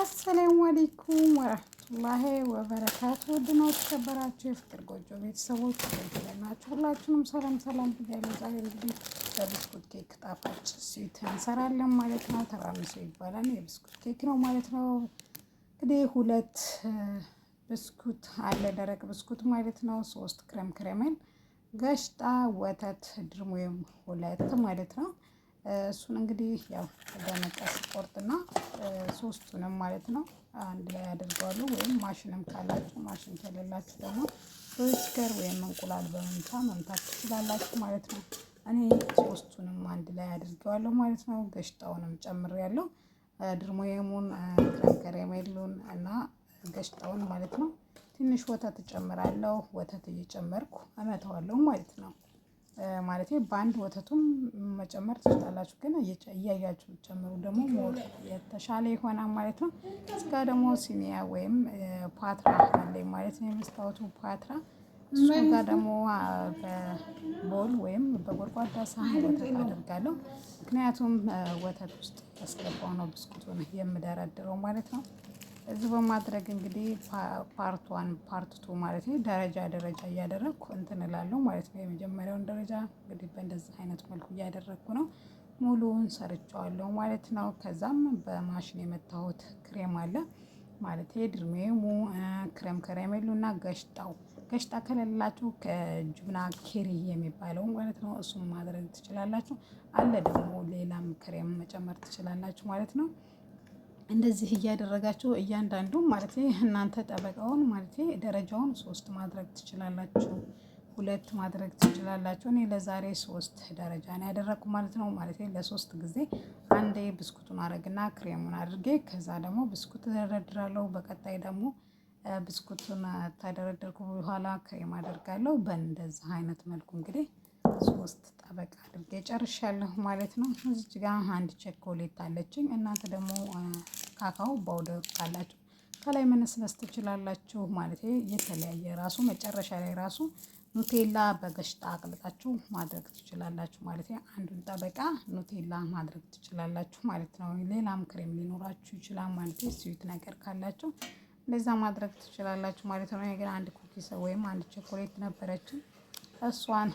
አሰላሙ አሌይኩም ወረህመቱላሂ ወበረካቱ ድና የተከበራችሁ የፍቅር ጎጆ ቤተሰቦች ገለናችሁ ሁላችሁንም ሰላም ሰላም ብያለሁ። ዛሬ እንግዲህ በብስኩት ኬክ ጣፋጭ ስዊት እንሰራለን ማለት ነው። ተራምሶ ይባላል የብስኩት ኬክ ነው ማለት ነው። እንግዲህ ሁለት ብስኩት አለ ደረቅ ብስኩት ማለት ነው። ሶስት ክረም ክረምን ገሽጣ ወተት ድርሞ ሁለት ማለት ነው። እሱን እንግዲህ ያው በመቀስ ቆርጥና ሶስቱንም ማለት ነው አንድ ላይ ያደርገዋሉ። ወይም ማሽንም ካላችሁ ማሽን ከሌላችሁ ደግሞ በዊስከር ወይም እንቁላል በመምቻ መምታት ትችላላችሁ ማለት ነው። እኔ ሶስቱንም አንድ ላይ አድርገዋለሁ ማለት ነው። ገሽጣውንም ጨምሬያለሁ። ድርሞየሙን፣ ክረም የሜሉን እና ገሽጣውን ማለት ነው። ትንሽ ወተት እጨምራለሁ። ወተት እየጨመርኩ እመተዋለሁ ማለት ነው። ማለት በአንድ ወተቱም መጨመር ትችላላችሁ፣ ግን እያያችሁ ጨምሩ። ደግሞ ሞር የተሻለ የሆነ ማለት ነው። እስጋ ደግሞ ሲኒያ ወይም ፓትራ አለ ማለት ነው። የመስታወቱ ፓትራ እሱ ጋር ደግሞ በቦል ወይም በጎድጓዳ ሳህን ወተት አደርጋለሁ። ምክንያቱም ወተት ውስጥ አስገባው ነው ብስኩቱን የምደረድረው ማለት ነው። እዚህ በማድረግ እንግዲህ ፓርት ዋን ፓርት ቱ ማለት ነው ደረጃ ደረጃ እያደረግኩ እንትን እላለሁ ማለት ነው። የመጀመሪያውን ደረጃ እንግዲህ በእንደዚህ አይነት መልኩ እያደረግኩ ነው ሙሉውን ሰርቸዋለሁ ማለት ነው። ከዛም በማሽን የመታሁት ክሬም አለ ማለት ድርሜሙ ክሬም ከረሜሉና ገሽጣው ገሽጣ ከሌላችሁ ከጁብና ኬሪ የሚባለው ማለት ነው። እሱም ማድረግ ትችላላችሁ። አለ ደግሞ ሌላም ክሬም መጨመር ትችላላችሁ ማለት ነው። እንደዚህ እያደረጋችሁ እያንዳንዱ ማለት እናንተ ጠበቃውን ማለት ደረጃውን ሶስት ማድረግ ትችላላችሁ፣ ሁለት ማድረግ ትችላላችሁ። እኔ ለዛሬ ሶስት ደረጃ ነው ያደረግኩ ማለት ነው። ማለት ለሶስት ጊዜ አንዴ ብስኩቱን አረግና ክሬሙን አድርጌ ከዛ ደግሞ ብስኩት ተደረድራለሁ። በቀጣይ ደግሞ ብስኩቱን ተደረደርኩ በኋላ ክሬም አደርጋለሁ። በእንደዚህ አይነት መልኩ እንግዲህ ሶስት ጠበቃ አድርጌ ጨርሻለሁ ማለት ነው። እዚች ጋር አንድ ቸኮሌት አለችኝ። እናንተ ደግሞ አካው ባውደር ካላችሁ ከላይ መነስነስ ትችላላችሁ። ማለት የተለያየ ራሱ መጨረሻ ላይ ራሱ ኑቴላ በገሽጣ አቅልጣችሁ ማድረግ ትችላላችሁ። ማለት አንዱን ጠበቃ ኑቴላ ማድረግ ትችላላችሁ ማለት ነው። ሌላም ክሬም ሊኖራችሁ ይችላል። ማለት ስዊት ነገር ካላችሁ እንደዛ ማድረግ ትችላላችሁ ማለት ነው። ግን አንድ ኩኪስ ወይም አንድ ቸኮሌት ነበረችን። እሷን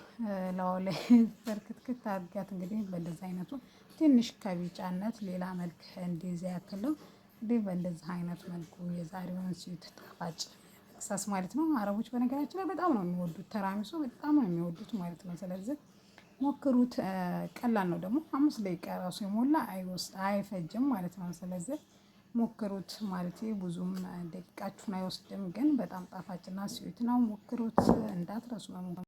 ላው ላይ በርክትክት አድርጋት እንግዲህ በእንደዚ አይነቱ ትንሽ ከቢጫነት ሌላ መልክ እንደዚያ ያክለው እንዲህ በእንደዚህ አይነት መልኩ የዛሬውን ስዊት ጣፋጭ መክሰስ ማለት ነው። አረቦች በነገራችን ላይ በጣም ነው የሚወዱት፣ ተራሚሶ በጣም ነው የሚወዱት ማለት ነው። ስለዚህ ሞክሩት፣ ቀላል ነው ደግሞ አምስት ደቂቃ ራሱ የሞላ አይፈጅም ማለት ነው። ስለዚህ ሞክሩት ማለት ብዙም ደቂቃችሁን አይወስድም፣ ግን በጣም ጣፋጭና ስዊት ነው። ሞክሩት እንዳትረሱ።